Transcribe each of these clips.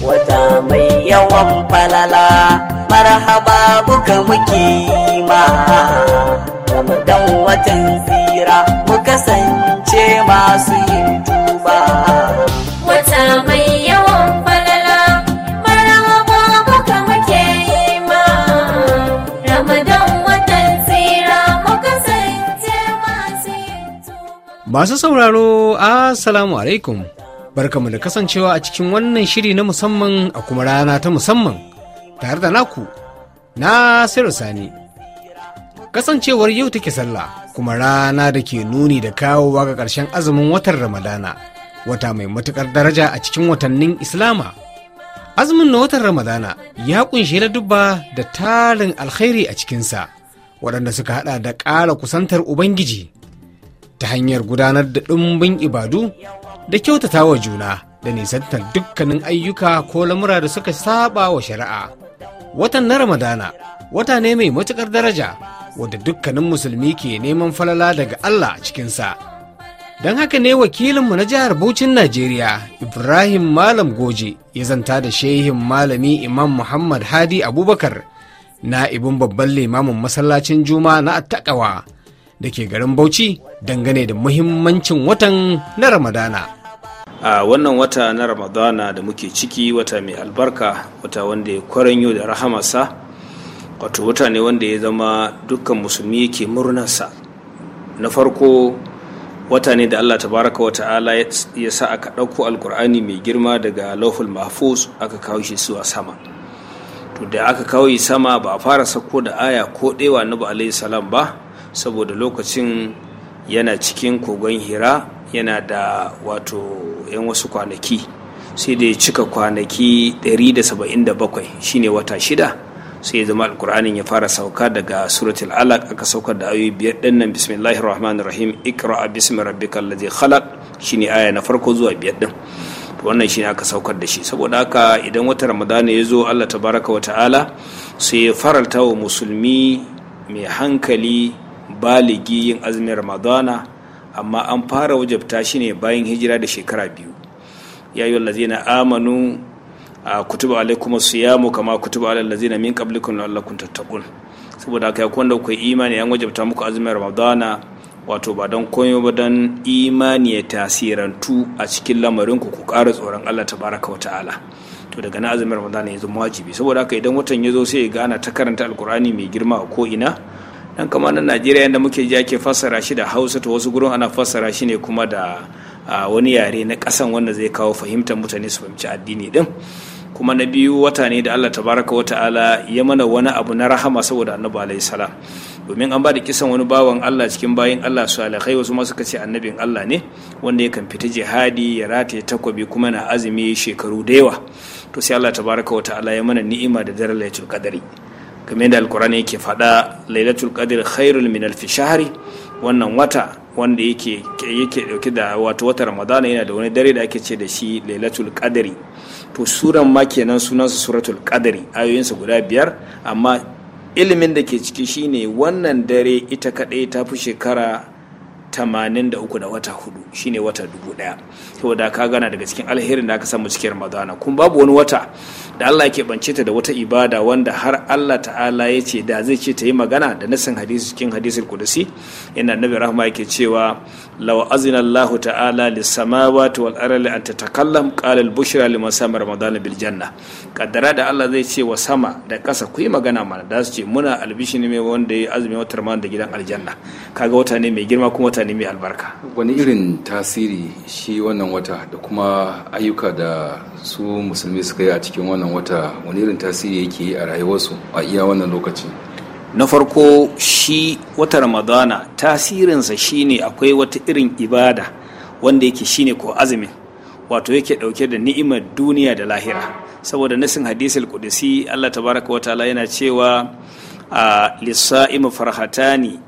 wata mai yawan falala marhaba muka muke ma ramadan watan tsira mu kasance masu yin tuba wata mai yawan falala marhaba muka muke ma ramadan watan tsira mu kasance masu yin tuba masu sauraro assalamu alaikum barkamu da kasancewa a cikin wannan shiri na musamman a kuma rana ta musamman tare da naku na sani kasancewar yau take sallah kuma rana da ke nuni da kawowa ga ƙarshen azumin watan ramadana wata mai matuƙar daraja a cikin watannin islama azumin na watan ramadana ya kunshi ladubba da tarin alkhairi a cikinsa waɗanda suka hada da ƙara kusantar ubangiji ta hanyar gudanar da ɗumbin ibadu da kyautata wa juna da nisantar dukkanin ayyuka ko lamura da suka saba wa shari'a. Watan na Ramadana wata ne mai matuƙar daraja wadda dukkanin musulmi ke neman falala daga Allah cikinsa. Don haka ne wakilinmu na jihar Bauchin Najeriya Ibrahim Malam Goje ya zanta da shehin malami Imam Muhammad Hadi Abubakar na'ibin babban limamin masallacin Juma na attakawa da ke garin Bauchi dangane da muhimmancin watan na Ramadana. a wannan wata na ramadana da muke ciki wata mai albarka wata wanda ya kwaranyo da rahamarsa wato wata ne wanda ya zama dukkan musulmi yake murnarsa na farko wata ne da allah tabaraka wa ta'ala ya sa aka ɗauko alkur'ani mai girma daga lawful mahfuz aka kawo shi zuwa sama to da aka kawo shi sama ba a fara sako da aya ko ɗewa na ba salam ba saboda lokacin yana cikin kogon hira yana da wato 'yan wasu kwanaki sai da ya cika kwanaki 177 shine wata shida sai ya zama alkur'anin ya fara sauka daga suratul alaq aka saukar da ayoyi biyar din nan bismillahir rahmanir rahim ikra bismi rabbikal ladzi khalaq shine aya na farko zuwa biyar din wannan shine aka saukar da shi saboda haka idan wata ramadana ya zo Allah tabaraka wa ta'ala sai ya faralta wa musulmi mai hankali baligi yin azumin ramadana amma an fara wajabta shi ne bayan hijira da shekara biyu ya yi na amanu a kutuba alaikum siyamu kama kutuba alal na min na allah tattaqun saboda haka yakun da kuwa imani an wajabta muku azumin ramadana wato ba don koyo ba don imani ya tasirantu a cikin lamarin ku ku kara tsoron Allah ta baraka wa ta'ala to daga na azumin ramadana ya zama wajibi saboda haka idan watan ya zo sai ya gana ta karanta alkur'ani mai girma a ko ina dan kamar na najeriya yadda muke ji ake fassara shi da hausa to wasu gurin ana fassara shi ne kuma da wani yare na kasan wanda zai kawo fahimtar mutane su fahimci addini din kuma na biyu wata ne da allah tabaraka wa ta'ala ya mana wani abu na rahama saboda annabi alayhi salam domin an ba da kisan wani bawan allah cikin bayin allah salihai wasu ma suka ce annabin allah ne wanda ya kan fita jihadi ya rataye takwabi kuma na azumi shekaru da yawa to sai allah tabaraka wa ta'ala ya mana ni'ima da daren lailatul qadari kamar yadda alkur'ani yake faɗa lailatul qadr khairul min alf shahri wannan wata wanda yake yake dauke da wato wata ramadana yana da wani dare da ake ce da shi lailatul qadri to suran ma kenan sunansa suratul qadri ayoyinsa guda biyar amma ilimin da ke ciki shine wannan dare ita kadai ta fi shekara tamanin da wata hudu shine wata dubu daya saboda ka gana daga cikin alherin da aka samu cikin ramadana kuma babu wani wata da Allah yake bance ta da wata ibada wanda har Allah ta'ala ya ce da zai ce ta yi magana da nasin hadisi cikin hadisul kudusi ina nabi rahma yake cewa law azina Allah ta'ala lis samawati wal ardi an tatakallam qala al bushra liman sama ramadana bil janna kaddara da Allah zai ce wa sama da kasa ku yi magana mana da su ce muna albishi ne wanda ya azumi wata ramadana da gidan aljanna kaga wata ne mai girma kuma ta nemi albarka wani irin tasiri shi wannan wata da kuma ayyuka da su musulmi suka yi a cikin wannan wata wani irin tasiri yake a rayuwarsu a iya wannan lokaci na farko shi wata ramadana tasirinsa shine akwai wata irin ibada wanda yake shine ko azumin wato yake dauke da ni'imar duniya da lahira saboda nasin hadisul qudsi Allah tabaraka wa ta'ala yana cewa a lissa'im farhatani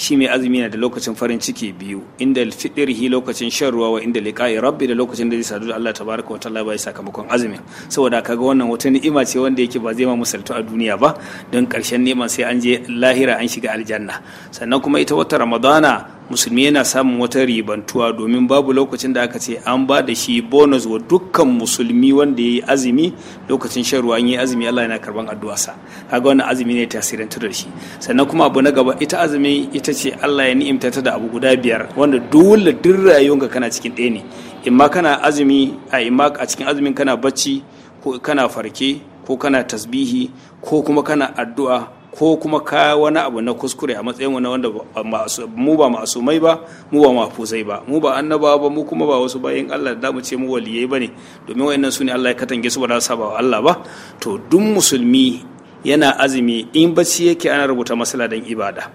shi mai azumi yana da lokacin farin ciki biyu inda fitirhi lokacin shan ruwa wa inda liqa'i rabbi da lokacin da zai sadu da Allah tabaraka wa ta'ala bai sakamakon azumin saboda kaga wannan wata ni'ima ce wanda yake ba zai ma musaltu a duniya ba don karshen neman sai an je lahira an shiga aljanna sannan kuma ita wata ramadana musulmi yana samun wata ribantuwa domin babu lokacin da aka ce an ba da shi bonus wa dukkan musulmi wanda ya yi azumi lokacin shan ruwa an yi azumi Allah yana karban addu'arsa kaga wannan azumi ne tasirantar da shi sannan kuma abu na gaba ita azumi ita ce Allah ya ni'imta ta da abu guda biyar wanda dole duk rayuwarka kana cikin ɗaya ne imma kana azumi a imma a cikin azumin kana bacci ko kana farke ko kana tasbihi ko kuma kana addu'a ko kuma ka wani abu na kuskure a matsayin wani wanda mu ba mai ba mu ba mafuzai ba mu ba annabawa ba mu kuma ba wasu bayin Allah da mu ce mu waliyai bane domin wayannan su Allah ya katange su ba da saba wa Allah ba to duk musulmi yana azumi in bacci yake ana rubuta masala dan ibada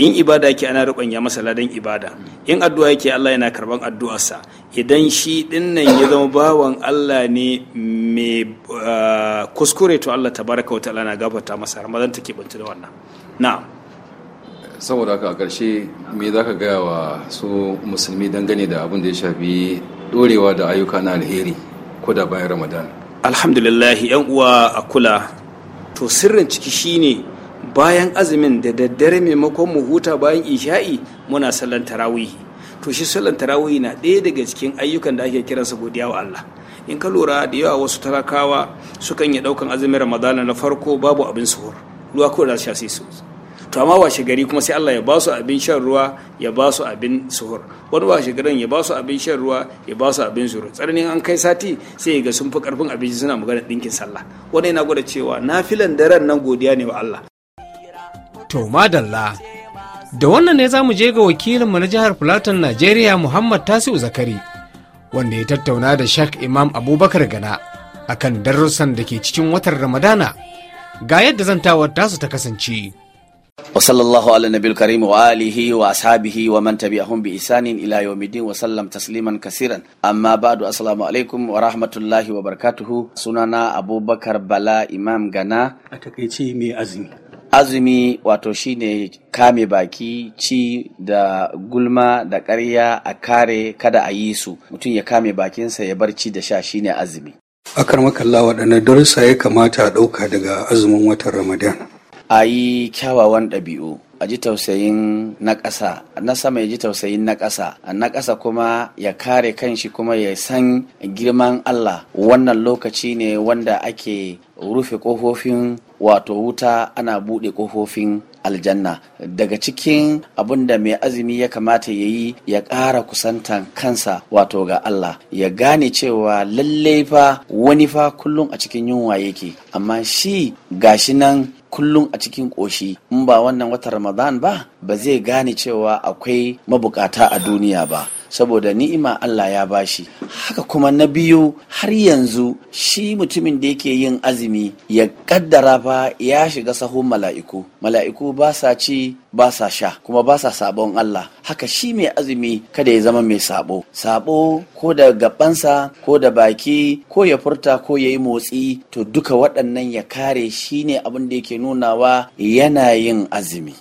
in ibada yake ana rubanya masala dan ibada in addu'a yake Allah yana karban addu'arsa idan shi ɗinnan ya zama bawan Allah ne mai ah, kuskure to Allah tabaraka wa ta'ala na gafarta masa ramadan take bunta da wannan na'am saboda haka a ƙarshe me zaka gaya wa su musulmi dangane da abin da ya shafi dorewa da ayyuka na alheri ko da bayan ramadan alhamdulillah yan uwa a kula to sirrin ciki shine bayan azumin da daddare maimakon mu huta bayan isha'i muna sallan tarawihi to shi sallan tarawih na ɗaya daga cikin ayyukan da ake kiran kiransa godiya wa Allah in ka lura da yawa wasu talakawa sukan yi ɗaukan azumin ramadana na farko babu abin suhur ruwa kawai za su sha sai su to amma washe gari kuma sai Allah ya ba su abin shan ruwa ya ba su abin suhur wani washe garin ya ba su abin shan ruwa ya ba su abin suhur tsarnin an kai sati sai ga sun fi karfin abinci suna magana ɗinkin sallah wani yana gwada cewa nafilan daren nan godiya ne wa Allah to madalla da wannan ne za mu je ga wakilinmu na jihar Fulatan Najeriya Muhammad Tasiu Zakari wanda ya tattauna da Sheikh Imam Abubakar Gana akan darussan da ke cikin watan Ramadana ga yadda zantawar tasu ta kasance. wa sallallahu ala nabil karim wa alihi wa ashabihi wa man tabi'ahum bi isanin ila yawmiddin wa sallam tasliman kasiran amma ba'du assalamu alaikum wa rahmatullahi wa barakatuhu sunana abubakar bala imam gana a takaice mai azumi azumi wato shine kame baki ci da gulma da ƙarya a kare kada a yi su mutum ya kame bakinsa ya barci da sha shine azumi akar makalla waɗanne darussa ya kamata a ɗauka daga azumin watan ramadan a yi kyawawan ɗabi'u a ji tausayin na ƙasa na sama ya ji tausayin na ƙasa na ƙasa kuma ya kare kanshi kuma ya san girman Allah wannan lokaci ne wanda ake rufe ƙofofin wato wuta ana buɗe ƙofofin aljanna daga cikin abin da mai azumi ya kamata ya yi ya ƙara kusantan kansa wato ga Allah ya gane cewa "Lallai fa wani fa kullum a cikin yunwa yake amma shi gashi nan kullum a cikin ƙoshi in ba wannan watan Ramadan ba ba zai gane cewa akwai mabukata a duniya ba. saboda ni'ima Allah ya bashi haka kuma na biyu har yanzu shi mutumin da yake yin azumi ya kaddara fa ya shiga sahun mala'iku mala'iku ba sa ci ba sa sha kuma ba sa sabon Allah haka shi mai azumi kada ya zama mai sabo sabo ko da gabansa ko da baki ko ya furta ko ya yi motsi to duka waɗannan ya kare shi ne abin da yake nunawa yana yin azumi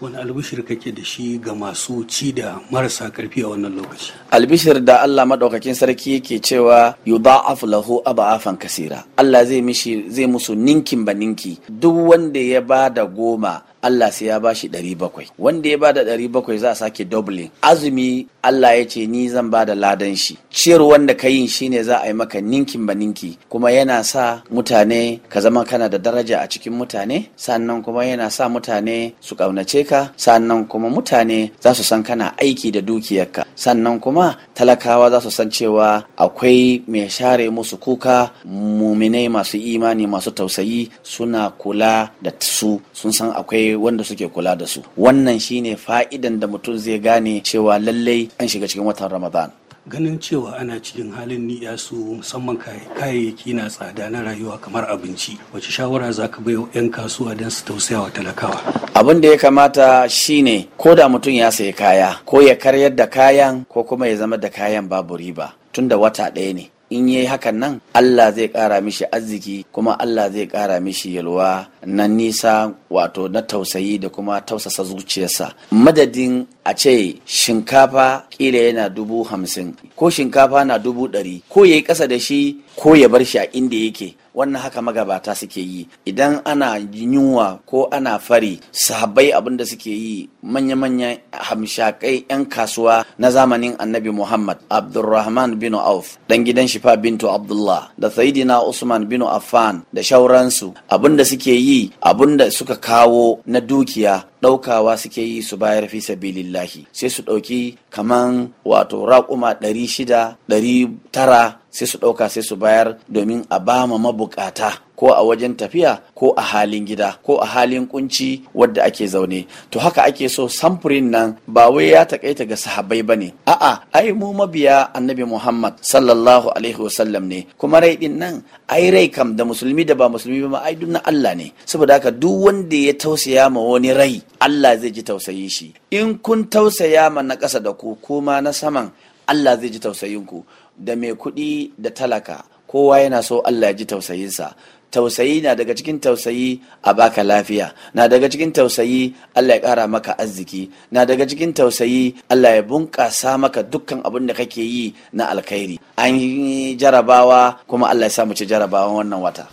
wani albishir kake da shi ga masu ci da marasa karfi a wannan lokaci albishir da Allah madaukakin sarki yake cewa yudha'af lahu aba'afan kasira Allah zai mishi zai musu ninkin ba ninki duk wanda ya ba da goma Allah sai ya ba shi ɗari bakwai wanda ya ba da ɗari bakwai za a sake dublin. azumi Allah ya ce ni zan ba da ladan shi ciyar wanda ka yin shi ne za a yi maka ninkin ba ninki kuma yana sa mutane ka zama kana da daraja a cikin mutane sannan kuma yana sa mutane su ƙaunace ka sannan kuma mutane za su san kana aiki da dukiyarka sannan kuma talakawa za su san cewa akwai mai share musu kuka muminai masu imani masu tausayi suna kula da su sun san akwai wanda suke kula da su wannan shine fa'idan da mutum zai gane cewa lallai an shiga cikin watan ramadan ganin cewa ana cikin halin ni'ya su musamman kayayyaki na tsada na rayuwa kamar abinci wace shawara za ka baiwa 'yan kasuwa don su tausaya wa talakawa abin da ya kamata shine ko da mutum ya sayi kaya ko ya karyar da kayan ko kuma ya zama da kayan babu riba tun da wata ɗaya ne in yi hakan nan Allah zai ƙara mishi arziki kuma Allah zai ƙara mishi yalwa na nisa wato na tausayi da kuma tausasa zuciyarsa madadin a ce shinkafa kila yana dubu hamsin ko shinkafa na dubu ɗari ko ya yi ƙasa da shi ko ya bar shi a inda yake wannan haka magabata suke yi idan ana yunwa ko ana fari sahabbai abin da suke yi manya-manyan hamshakai 'yan kasuwa na zamanin annabi muhammad abdulrahman bin auf dan gidan shifa bintu abdullah da saidina usman bin affan da shauransu abin da suke yi abin da suka kawo na dukiya ɗaukawa suke yi su bayar fi sabilillahi sai su ɗauki kaman wato raƙuma ɗari shida ɗari tara sai su ɗauka sai su bayar domin a ba ma mabuƙata. ko a wajen tafiya ko a halin gida ko a halin kunci wadda ake zaune to haka ake so samfurin nan ba wai ya takaita ga sahabbai bane a'a ai mu mabiya annabi Muhammad sallallahu alaihi wasallam ne kuma rai din nan ai rai kam da musulmi da ba musulmi ba ai na Allah ne saboda haka duk wanda ya tausaya ma wani rai Allah zai ji tausayi shi in kun tausaya ma na ƙasa da ku kuma na saman Allah zai ji tausayinku da mai kuɗi da talaka kowa yana so Allah ya ji tausayinsa tausayi na daga cikin tausayi a baka lafiya na daga cikin tausayi Allah ya ƙara maka arziki na daga cikin tausayi Allah ya bunƙasa maka dukkan abin da kake yi na alkhairi an yi jarabawa kuma Allah ya sa ci jarabawan wannan wata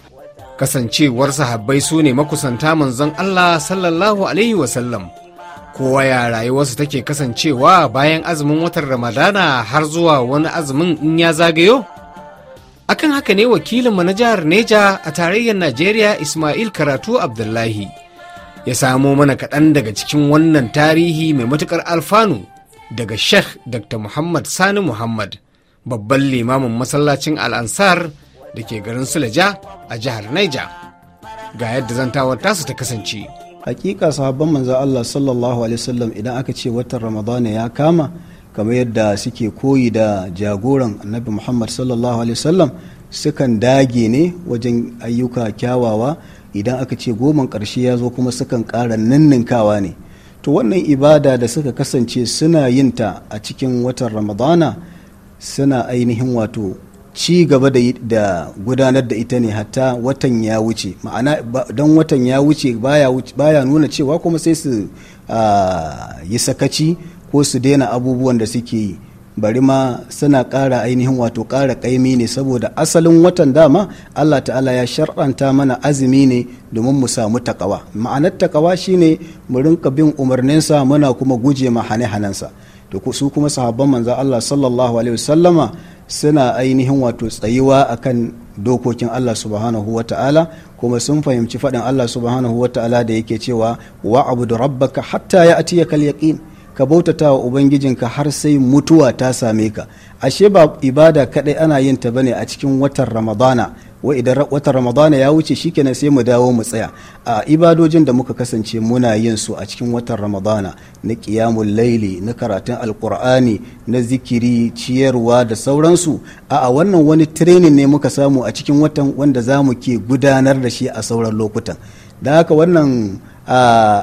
kasancewar sahabbai su ne makusanta manzon Allah sallallahu alaihi sallam kowa ya rayuwarsu take kasancewa bayan azumin watan ramadana har zuwa wani azumin in ya zagayo akan haka ne wakilinmu na jihar neja a tarayyar najeriya ismail karatu abdullahi ya samo mana kaɗan daga cikin wannan tarihi mai matuƙar alfanu daga sheikh dr muhammad sani muhammad babban limamin masallacin al'ansar da ke garin sulaja a jihar neja ga yadda zantawar tasu ta kasance hakika sahabban manzo allah sallallahu alaihi wasallam idan aka ce watan ramadana ya kama kamar yadda suke koyi da jagoran annabi muhammad sallallahu alaihi wasallam sukan dage ne wajen ayyuka kyawawa idan aka ce goman karshe ya zo kuma sukan ƙara ninninkawa ne to wannan ibada da suka kasance suna yin ta a cikin watan ramadana suna ainihin wato ci gaba da gudanar da ita ne hatta watan ya wuce ma'ana don watan ya wuce baya nuna cewa kuma sai su ah, yi sakaci ko su daina abubuwan da suke yi bari ma suna ƙara ainihin wato ƙara ƙaimi ne saboda asalin watan dama Allah ta'ala ya shar'anta mana azumi ne domin mu samu takawa ma'anar takawa shine mu rinka bin umarninsa muna kuma guje ma hane hanansa, to su kuma sahabban manza Allah sallallahu alaihi wasallama suna ainihin wato tsayuwa akan dokokin Allah subhanahu wa ta'ala kuma sun fahimci faɗin Allah subhanahu wa ta'ala da yake cewa wa abudu rabbaka hatta ya atiyakal yaqin ka bautata wa ubangijinka har sai mutuwa ta same ka ashe ba ibada kadai ana yin ta bane a cikin watan ramadana wa idan watan ramadana ya wuce shi shikenan sai mu dawo mu tsaya a ibadojin da muka kasance muna yin su a cikin watan ramadana na kiyamul laili na karatun alqur'ani na zikiri ciyarwa da sauransu a wannan wani training ne muka samu a cikin watan wanda za mu ke gudanar da shi a sauran lokutan da haka wannan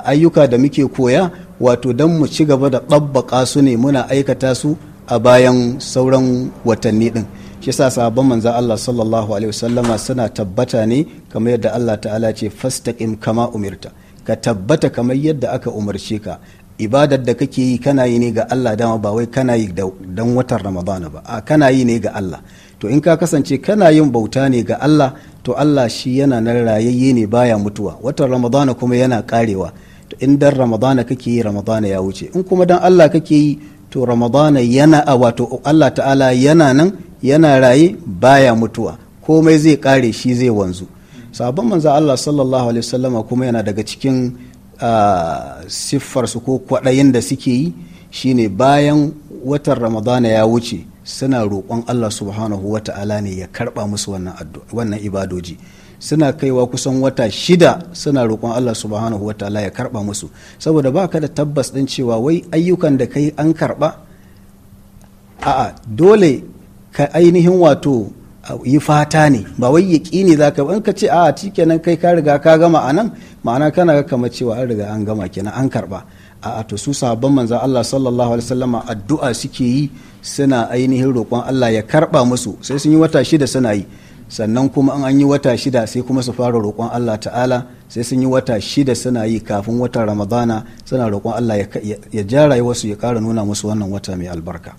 ayyuka da muke koya wato don mu ci gaba da ɗabbaƙa su ne muna aikata su a bayan sauran watanni ɗin shi sa sabon manza Allah sallallahu alaihi wasallama suna tabbata ne kamar yadda Allah ta'ala ce fastaqim kama umirta ka tabbata kamar yadda aka umarce ka ibadar da kake yi kana yi ne ga Allah dama ba wai kana yi don watan Ramadana ba a kana yi ne ga Allah to in ka kasance kana yin bauta ne ga Allah to Allah shi yana nan rayayye ne baya mutuwa watan Ramadana kuma yana karewa to in dan ramadana kake yi ramadana ya wuce in kuma dan Allah kake yi to ramadana yana a wato Allah ta'ala yana nan yana raye baya mutuwa komai zai kare shi zai wanzu sabon manza Allah sallallahu alaihi wasallama kuma yana daga cikin siffarsu ko kwaɗayin da suke yi shine bayan watan ramadana ya wuce suna roƙon Allah subhanahu wa ta'ala ne ya karɓa musu wannan ibadoji suna kaiwa kusan wata shida suna roƙon Allah subhanahu wa ta'ala ya karba musu saboda ba ka da tabbas ɗin cewa wai ayyukan da kai an karɓa a'a dole ka ainihin wato yi fata ne ba wai yaƙi ne za ka in ka ce a'a kenan kai ka riga ka gama a nan ma'ana kana ga kama cewa an riga an gama kenan an karɓa a'a to su sahabban manzan Allah sallallahu alaihi wasallama addu'a suke yi suna ainihin roƙon Allah ya karba musu sai sun yi wata shida suna yi sannan kuma an an yi wata shida sai kuma su fara roƙon Allah ta'ala sai sun yi wata shida suna yi kafin watan ramadana suna roƙon Allah ya ja rayuwarsu ya ƙara nuna musu wannan wata mai albarka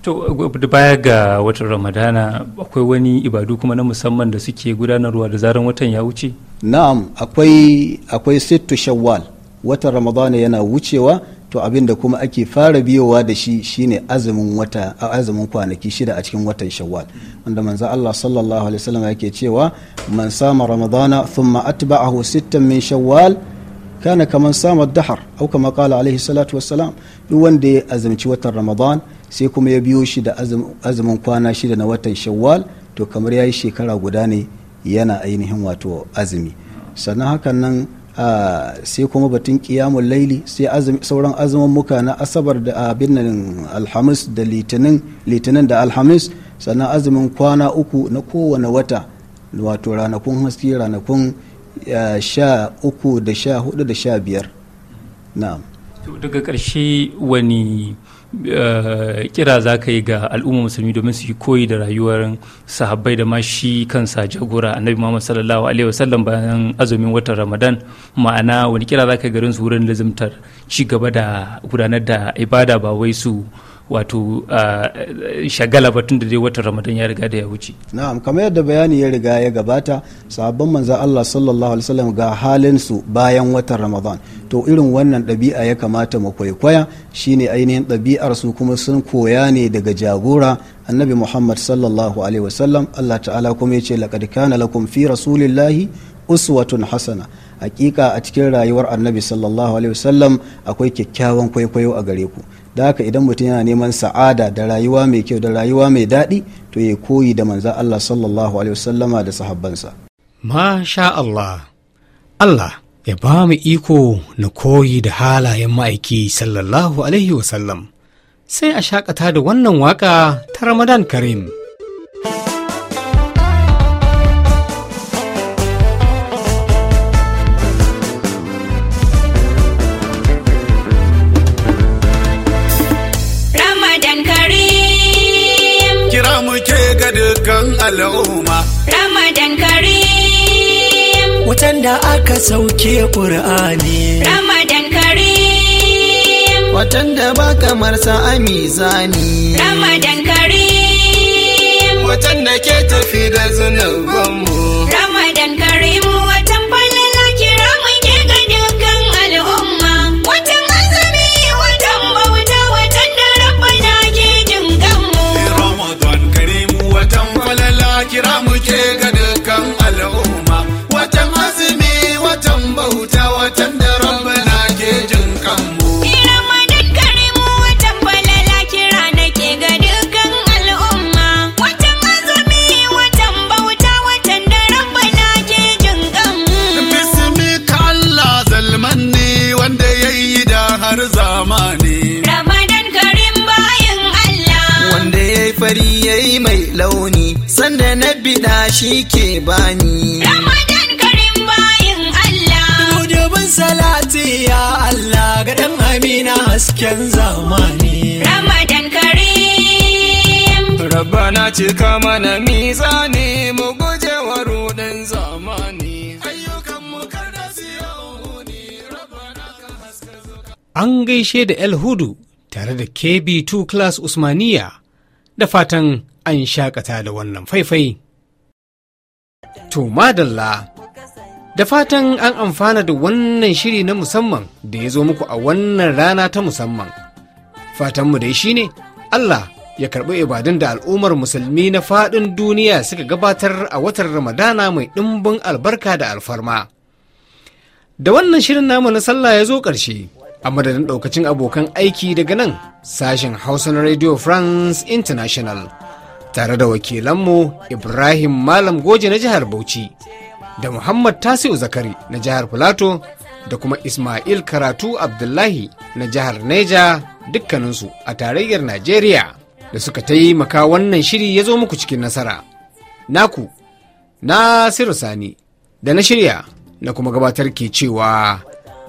to baya ga watan ramadana akwai wani ibadu kuma na musamman da suke gudanarwa da zaran watan ya wuce na'am akwai akwai sittu shawwal watan ramadana yana wucewa to abin da kuma ake fara biyowa da shi shine azumin wata azumin kwanaki shida a cikin watan shawwal wanda manzo Allah sallallahu alaihi wasallam yake cewa man sama ramadana thumma atba'ahu sittan min shawwal kana kaman sama dahar au kama qala alaihi salatu wassalam duk wanda ya azumci watan ramadan sai kuma ya biyo shi da azumin kwana shida na watan shawwal to kamar yayi shekara guda ne yana ainihin wato azumi sannan hakan nan Ah, sai kuma batun kiyamun laili sai sauran azumin muka na asabar da abin nan alhamis da litinin da alhamis sannan azumin kwana uku na kowane wata wato ranakun haske ranakun ah, sha uku da sha hudu da sha biyar na'am daga ƙarshe wani Eh, kira za ka yi ga al'umma musulmi domin su yi koyi da rayuwar sahabbai da ma shi kansa jagora annabi muhammad sallallahu alaihi wasallam bayan azumin watan ramadan ma'ana wani kira za ka yi garin su wurin lazimtar ci gaba da gudanar da ibada ba wai su wato shagala batun da dai watan ramadan ya riga da ya wuce na'am kamar yadda bayani ya riga ya gabata sabon manzan Allah sallallahu alaihi wasallam ga halin su bayan watan ramadan to irin wannan ɗabi'a ya kamata mu kwaikwaya shine ainihin ɗabi'ar su kuma sun koya ne daga jagora annabi muhammad sallallahu alaihi wasallam Allah ta'ala kuma ya ce laqad kana lakum fi rasulillahi uswatun hasana hakika a cikin rayuwar annabi sallallahu alaihi wasallam akwai kyakkyawan kwaikwayo a gare ku da haka idan mutum yana neman sa'ada da rayuwa mai kyau da rayuwa mai daɗi to ya koyi da manza Allah sallallahu alaihi wasallama da sahabbansa masha Allah Allah ya ba mu iko na koyi da halayen ma'aiki sallallahu alaihi wasallam sai a shakata da wannan waka ta Ramadan Karim al'umma ramadan karim watan da aka sauke Kur'ani. ramadan karim watan da ba kamar sa a mizani ramadan karim watan da ke tafi da zunubi har zamani. Ramadan karim bayan Allah. Wanda ya yi fari ya yi mai launi, sanda na biɗa shi ke bani. Ramadan karim bayan Allah. Mujibin salati ya Allah ga ɗan amina hasken zamani. Ramadan karim. Rabbana cika mana mizani mu an gaishe da El Hudu tare da KB2 Class Usmaniya da fatan an shakata da wannan faifai. To da fatan an amfana da wannan shiri na musamman da ya zo muku a wannan rana ta musamman. Fatanmu dai shi ne, Allah ya karɓi ibadan da al'ummar musulmi na faɗin duniya suka gabatar a watan Ramadana mai ɗimbin albarka da alfarma. Da wannan shirin namu na sallah ya zo ƙarshe. a madadin ɗaukacin abokan aiki daga nan sashen hausa na radio france international tare da wakilanmu ibrahim malam goje na jihar bauchi da muhammad tasiu zakari na jihar filato da kuma ismail karatu abdullahi na jihar neja dukkaninsu a tarayyar najeriya da suka taimaka wannan shiri ya zo muku cikin nasara naku nasiru sani da na shirya na kuma gabatar ke cewa